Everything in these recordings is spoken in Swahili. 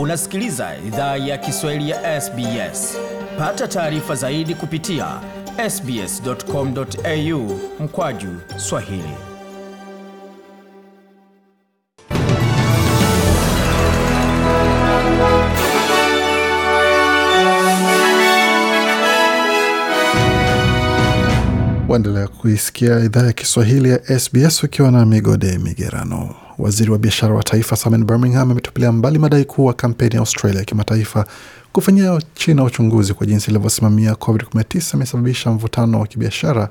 Unasikiliza idhaa ya Kiswahili ya SBS. Pata taarifa zaidi kupitia sbs.com.au mkwaju Swahili. Waendelea kuisikia idhaa ya Kiswahili ya SBS ukiwa na migode migerano Waziri wa biashara wa taifa Simon Birmingham ametupilia mbali madai kuwa kampeni ya Australia ya kimataifa kufanyia China uchunguzi kwa jinsi ilivyosimamia COVID-19 imesababisha mvutano wa kibiashara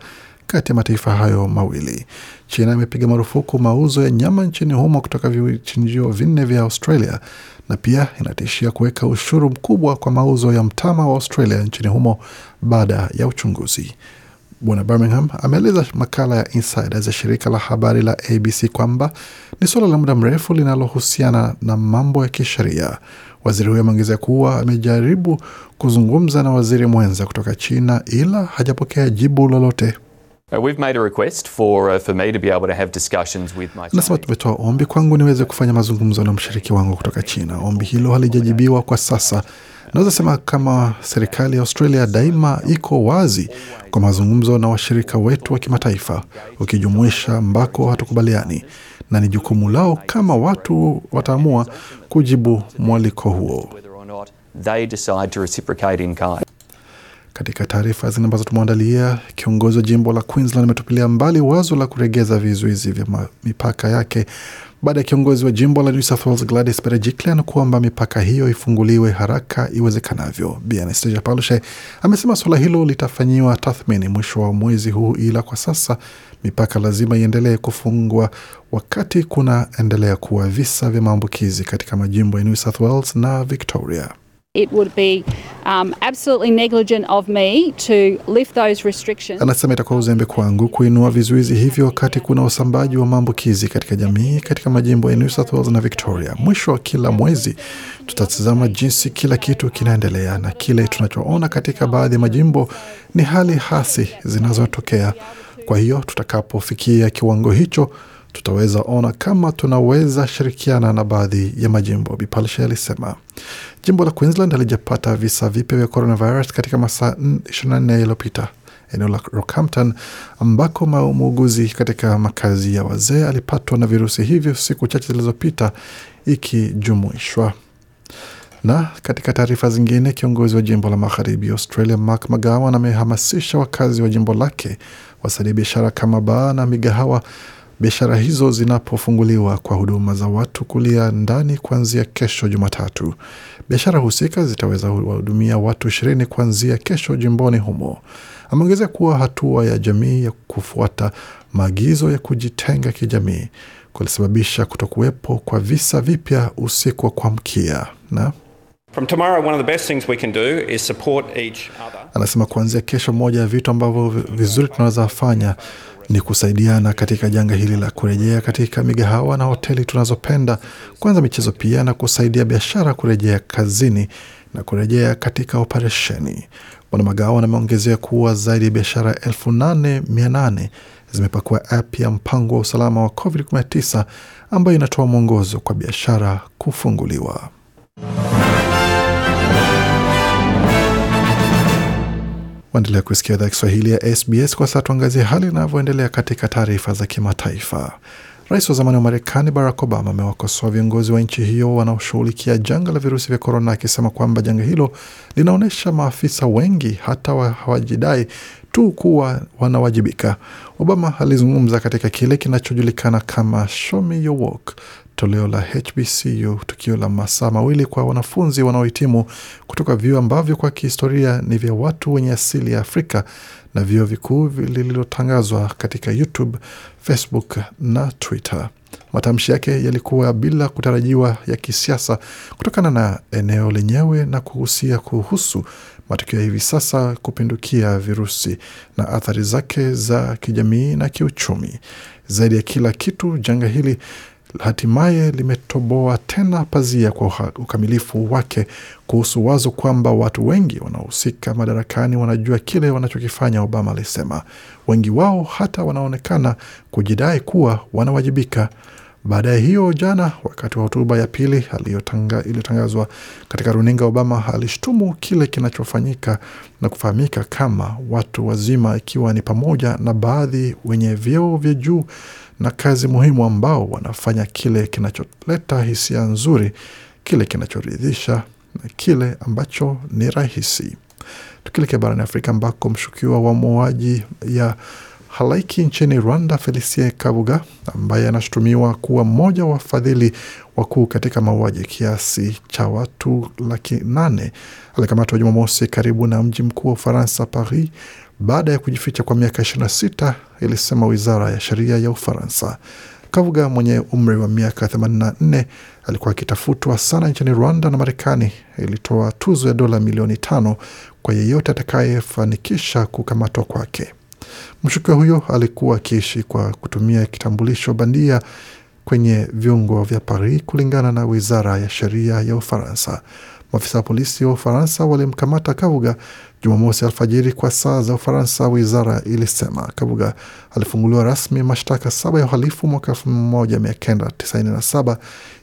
kati ya mataifa hayo mawili. China imepiga marufuku mauzo ya nyama nchini humo kutoka vichinjio vinne vya Australia na pia inatishia kuweka ushuru mkubwa kwa mauzo ya mtama wa Australia nchini humo baada ya uchunguzi. Bwana Birmingham ameeleza makala ya Insiders ya shirika la habari la ABC kwamba ni suala la muda mrefu linalohusiana na mambo ya kisheria. Waziri huyo ameongeza kuwa amejaribu kuzungumza na waziri mwenza kutoka China ila hajapokea jibu lolote. Uh, uh, Nasema tumetoa ombi kwangu niweze kufanya mazungumzo na mshiriki wangu kutoka China. Ombi hilo halijajibiwa kwa sasa. Naweza sema kama serikali ya Australia daima iko wazi kwa mazungumzo na washirika wetu wa kimataifa, ukijumuisha ambako hatukubaliani, na ni jukumu lao kama watu wataamua kujibu mwaliko huo. Katika taarifa zingine ambazo tumeandalia, kiongozi wa jimbo la Queensland ametupilia mbali wazo la kuregeza vizuizi vya mipaka yake baada ya kiongozi wa jimbo la New South Wales Gladys Berejiklian kuomba mipaka hiyo ifunguliwe haraka iwezekanavyo. Bi Anastasia amesema suala hilo litafanyiwa tathmini mwisho wa mwezi huu, ila kwa sasa mipaka lazima iendelee kufungwa wakati kunaendelea kuwa visa vya maambukizi katika majimbo ya New South Wales na Victoria. It would be um, absolutely negligent of me to lift those restrictions. Anasema itakuwa uzembe kwangu kuinua vizuizi hivyo wakati kuna usambaji wa maambukizi katika jamii katika majimbo ya New South Wales na Victoria. Mwisho wa kila mwezi tutatazama jinsi kila kitu kinaendelea, na kile tunachoona katika baadhi ya majimbo ni hali hasi zinazotokea. Kwa hiyo tutakapofikia kiwango hicho tutaweza ona kama tunaweza shirikiana na baadhi ya majimbo, Bipalshe alisema. Jimbo la Queensland halijapata visa vipya vya coronavirus katika masaa 24 yaliyopita. Eneo la Rockhampton ambako muuguzi katika makazi ya wazee alipatwa na virusi hivyo siku chache zilizopita ikijumuishwa na katika taarifa zingine, kiongozi wa jimbo la magharibi Australia Mark McGowan amehamasisha wakazi wa jimbo lake wasaidia biashara kama baa na migahawa biashara hizo zinapofunguliwa kwa huduma za watu kulia ndani kuanzia kesho Jumatatu. Biashara husika zitaweza kuwahudumia watu ishirini kuanzia kesho jimboni humo. Ameongezea kuwa hatua ya jamii ya kufuata maagizo ya kujitenga kijamii kulisababisha kutokuwepo kwa visa vipya usiku wa kuamkia na Anasema kuanzia kesho, moja ya vitu ambavyo vizuri tunaweza fanya ni kusaidiana katika janga hili la kurejea katika migahawa na hoteli tunazopenda, kuanza michezo pia na kusaidia biashara kurejea kazini na kurejea katika operesheni. Bwana Magawa ameongezea kuwa zaidi ya biashara elfu nane mia nane zimepakua app ya mpango wa usalama wa COVID-19 ambayo inatoa mwongozo kwa biashara kufunguliwa. Waendelea kusikia idhaa Kiswahili ya SBS. Kwa sasa tuangazie hali inavyoendelea katika taarifa za kimataifa. Rais wa zamani wa Marekani Barack Obama amewakosoa viongozi wa nchi hiyo wanaoshughulikia janga la virusi vya korona, akisema kwamba janga hilo linaonyesha maafisa wengi hata hawajidai tu kuwa wanawajibika. Obama alizungumza katika kile kinachojulikana kama Show Me Your Work, toleo la HBCU, tukio la masaa mawili kwa wanafunzi wanaohitimu kutoka vyuo ambavyo kwa kihistoria ni vya watu wenye asili ya Afrika na vyuo vikuu lililotangazwa katika YouTube, Facebook na Twitter. Matamshi yake yalikuwa bila kutarajiwa ya kisiasa kutokana na eneo lenyewe na kuhusia kuhusu matukio hivi sasa kupindukia virusi na athari zake za kijamii na kiuchumi. Zaidi ya kila kitu, janga hili hatimaye limetoboa tena pazia kwa ukamilifu wake kuhusu wazo kwamba watu wengi wanaohusika madarakani wanajua kile wanachokifanya. Obama alisema wengi wao hata wanaonekana kujidai kuwa wanawajibika. Baada ya hiyo, jana wakati wa hotuba ya pili iliyotangazwa katika runinga, Obama alishtumu kile kinachofanyika na kufahamika kama watu wazima, ikiwa ni pamoja na baadhi wenye vyeo vya juu na kazi muhimu, ambao wanafanya kile kinacholeta hisia nzuri, kile kinachoridhisha na kile ambacho ni rahisi. Tukilekea barani Afrika ambako mshukiwa wa mauaji ya halaiki nchini Rwanda, Felicie Kabuga ambaye anashutumiwa kuwa mmoja wa wafadhili wakuu katika mauaji kiasi cha watu laki nane alikamatwa Jumamosi karibu na mji mkuu wa Ufaransa, Paris, baada ya kujificha kwa miaka 26, ilisema wizara ya sheria ya Ufaransa. Kavuga mwenye umri wa miaka 84 alikuwa akitafutwa sana nchini Rwanda na Marekani ilitoa tuzo ya dola milioni tano kwa yeyote atakayefanikisha kukamatwa kwake. Mshukiwa huyo alikuwa akiishi kwa kutumia kitambulisho bandia kwenye viungo vya Paris, kulingana na wizara ya sheria ya Ufaransa. Maafisa wa polisi wa Ufaransa walimkamata Kabuga Jumamosi alfajiri kwa saa za Ufaransa, wizara ilisema. Kabuga alifunguliwa rasmi mashtaka saba ya uhalifu mwaka 1997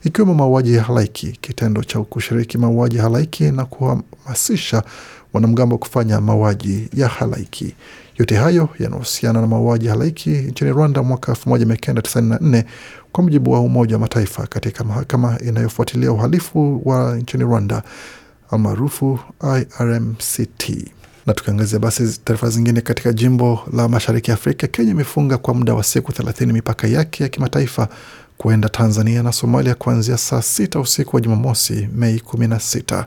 ikiwemo mauaji ya halaiki, kitendo cha kushiriki mauaji halaiki na kuhamasisha wanamgambo kufanya mauaji ya halaiki. Yote hayo yanahusiana na mauaji halaiki nchini Rwanda mwaka 1994 kwa mujibu wa Umoja wa Mataifa katika mahakama inayofuatilia uhalifu wa nchini Rwanda almaarufu IRMCT na tukiangazia basi taarifa zingine, katika jimbo la mashariki ya Afrika, Kenya imefunga kwa muda wa siku thelathini mipaka yake ya kimataifa kwenda Tanzania na Somalia kuanzia saa sita usiku wa Jumamosi, Mei kumi sita.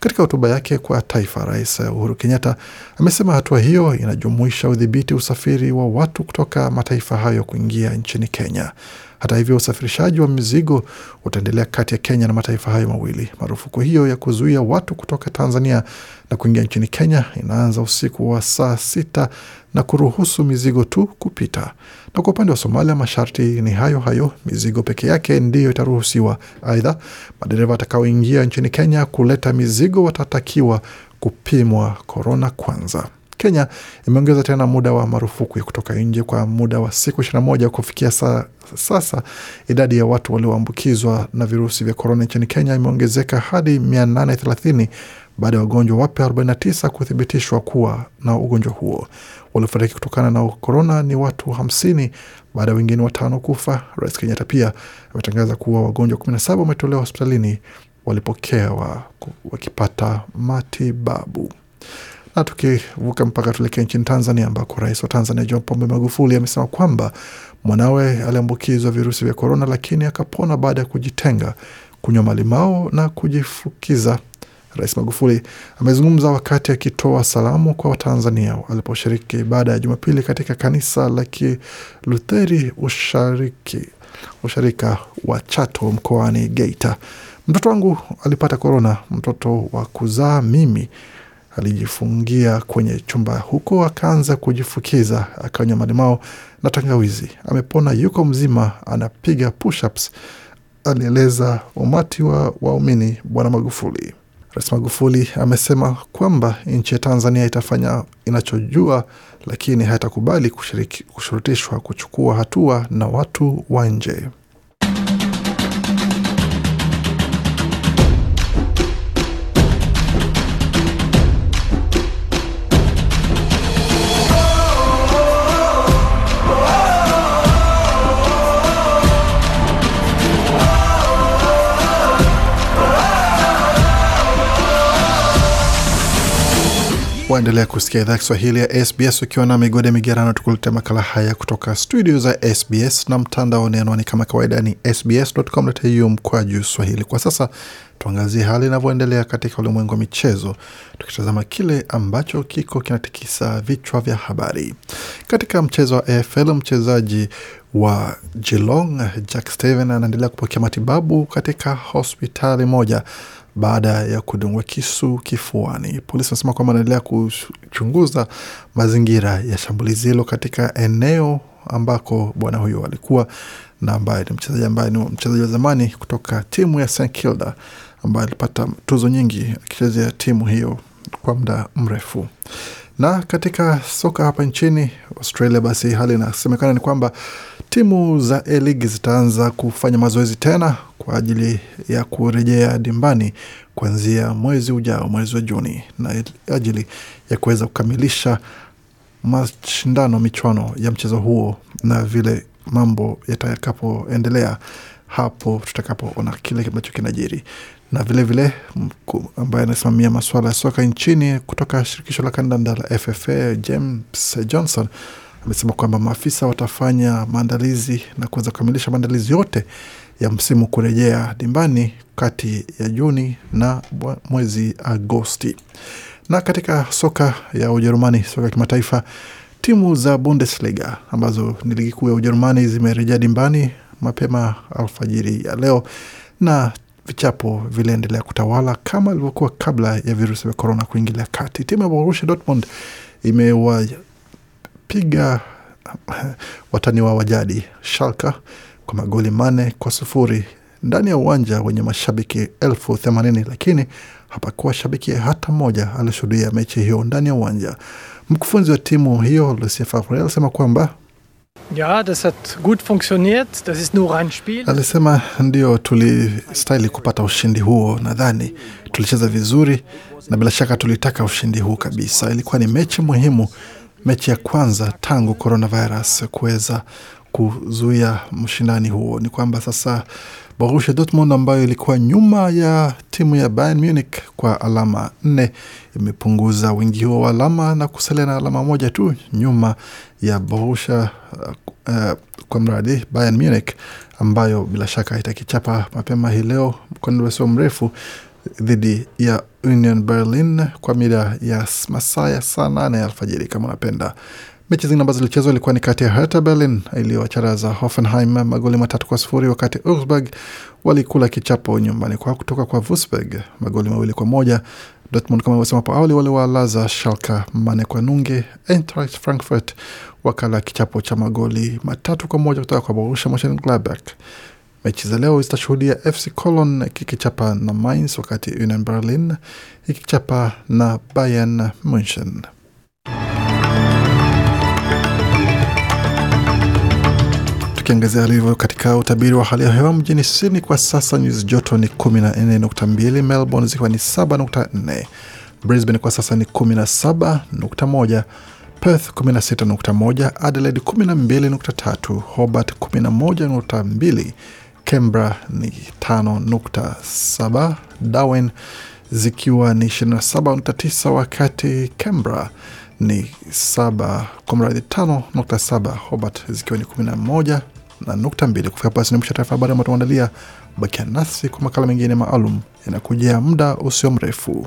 Katika hotuba yake kwa taifa, Rais Uhuru Kenyatta amesema hatua hiyo inajumuisha udhibiti usafiri wa watu kutoka mataifa hayo kuingia nchini Kenya. Hata hivyo, usafirishaji wa mizigo utaendelea kati ya Kenya na mataifa hayo mawili. Marufuku hiyo ya kuzuia watu kutoka Tanzania na kuingia nchini Kenya inaanza usiku wa saa sita na kuruhusu mizigo tu kupita. Na kwa upande wa Somalia, masharti ni hayo hayo, mizigo peke yake ndiyo itaruhusiwa. Aidha, madereva atakaoingia nchini Kenya kuleta mizigo watatakiwa kupimwa korona kwanza. Kenya imeongeza tena muda wa marufuku ya kutoka nje kwa muda wa siku 21 kufikia sa, Sasa idadi ya watu walioambukizwa na virusi vya korona nchini Kenya imeongezeka hadi 830 baada ya wagonjwa wapya 49 kuthibitishwa kuwa na ugonjwa huo. Waliofariki kutokana na korona ni watu 50 baada ya wengine watano kufa. Rais Kenyatta pia ametangaza kuwa wagonjwa 17 wametolewa hospitalini walipokewa wakipata matibabu. Na tukivuka mpaka tuelekee nchini Tanzania, ambako rais wa Tanzania John Pombe Magufuli amesema kwamba mwanawe aliambukizwa virusi vya korona, lakini akapona baada ya kujitenga, kunywa malimao na kujifukiza Rais Magufuli amezungumza wakati akitoa salamu kwa Watanzania aliposhiriki ibada ya Jumapili katika kanisa la Kilutheri ushariki usharika wa Chato mkoani Geita. Mtoto wangu alipata korona, mtoto wa kuzaa mimi alijifungia kwenye chumba huko akaanza kujifukiza, akanywa malimao na tangawizi. Amepona, yuko mzima, anapiga push-ups, alieleza umati wa waumini Bwana Magufuli. Rais Magufuli amesema kwamba nchi ya Tanzania itafanya inachojua, lakini hatakubali kushurutishwa kuchukua hatua na watu wa nje. Waendelea kusikia idhaa Kiswahili ya SBS ukiwa na migode migerano, tukuletea makala haya kutoka studio za SBS na ni anwani kama kawaida ni sbs.com.au juu swahili. Kwa sasa tuangazie hali inavyoendelea katika ulimwengu wa michezo, tukitazama kile ambacho kiko kinatikisa vichwa vya habari katika mchezo wa AFL. Mchezaji wa Geelong Jack Steven anaendelea kupokea matibabu katika hospitali moja baada ya kudungwa kisu kifuani. Polisi wanasema kwamba wanaendelea kuchunguza mazingira ya shambulizi hilo katika eneo ambako bwana huyo alikuwa na ambaye ni mchezaji ambaye ni mchezaji wa zamani kutoka timu ya St Kilda ambaye alipata tuzo nyingi akichezea timu hiyo kwa muda mrefu. Na katika soka hapa nchini Australia, basi hali inasemekana ni kwamba timu za A-League zitaanza kufanya mazoezi tena kwa ajili ya kurejea dimbani kuanzia mwezi ujao, mwezi wa Juni, na ajili ya kuweza kukamilisha mashindano michuano ya mchezo huo na vile mambo yatakapoendelea hapo tutakapoona kile ambacho kinajiri na vilevile ambaye anasimamia masuala ya soka nchini kutoka shirikisho la kandanda la FFA James Johnson amesema kwamba maafisa watafanya maandalizi na kuweza kukamilisha maandalizi yote ya msimu kurejea dimbani kati ya Juni na mwezi Agosti. Na katika soka ya Ujerumani, soka ya kimataifa, timu za Bundesliga ambazo ni ligi kuu ya Ujerumani zimerejea dimbani mapema alfajiri ya leo na vichapo viliendelea kutawala kama ilivyokuwa kabla ya virusi vya korona kuingilia kati. Timu ya Borussia Dortmund imewapiga watani wa wajadi Schalke kwa magoli manne kwa sufuri ndani ya uwanja wenye mashabiki elfu themanini lakini hapakuwa shabiki hata mmoja alishuhudia mechi hiyo ndani ya uwanja. Mkufunzi wa timu hiyo Lucien Favre alisema kwamba Ja, das hat gut funktioniert. Das ist nur ein Spiel. Alisema ndio tulistahili kupata ushindi huo. Nadhani tulicheza vizuri na bila shaka tulitaka ushindi huu kabisa. Ilikuwa ni mechi muhimu, mechi ya kwanza tangu coronavirus kuweza kuzuia mshindani huo. Ni kwamba sasa Borussia Dortmund ambayo ilikuwa nyuma ya timu ya Bayern Munich kwa alama nne imepunguza wingi huo wa alama na kusalia na alama moja tu nyuma ya Borussia uh, uh, kwa mradi Bayern Munich ambayo bila shaka itakichapa mapema hii leo mkondo sio mrefu dhidi ya Union Berlin kwa mida ya masaa ya saa nane alfajiri kama unapenda Mechi zingine ambazo zilichezwa ilikuwa ni kati ya Hertha Berlin iliyowacharaza Hoffenheim magoli matatu kwa sufuri wakati Augsburg walikula kichapo nyumbani kwao kutoka kwa Wolfsburg magoli mawili kwa moja. Dortmund kama ilivyosema hapo awali waliwalaza Schalke mane kwa nunge. Eintracht Frankfurt wakala kichapo cha magoli matatu kwa moja kutoka kwa Borussia Monchengladbach. Mechi za leo zitashuhudia FC Cologne kikichapa na Mainz, wakati Union Berlin ikichapa na Bayern Munchen. Tukiangazia alivyo katika utabiri wa hali ya hewa mjini Sydney kwa sasa nyuzi joto ni 14.2, Melbourne zikiwa ni 7.4, Brisbane kwa sasa ni 17.1, Perth 16.1, Adelaide 12.3, Hobart 11.2, Canberra ni 5.7, Darwin zikiwa ni 27.9, wakati Canberra ni 7 kwa mradhi 5.7, Hobart zikiwa ni 11 na nukta mbili. Kufika ni nimesha taarifa habari ambayo tumeandalia. Bakia nasi kwa makala mengine maalum yanakujia muda usio mrefu.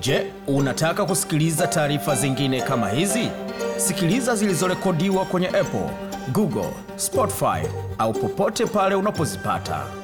Je, unataka kusikiliza taarifa zingine kama hizi? Sikiliza zilizorekodiwa kwenye Apple, Google, Spotify au popote pale unapozipata.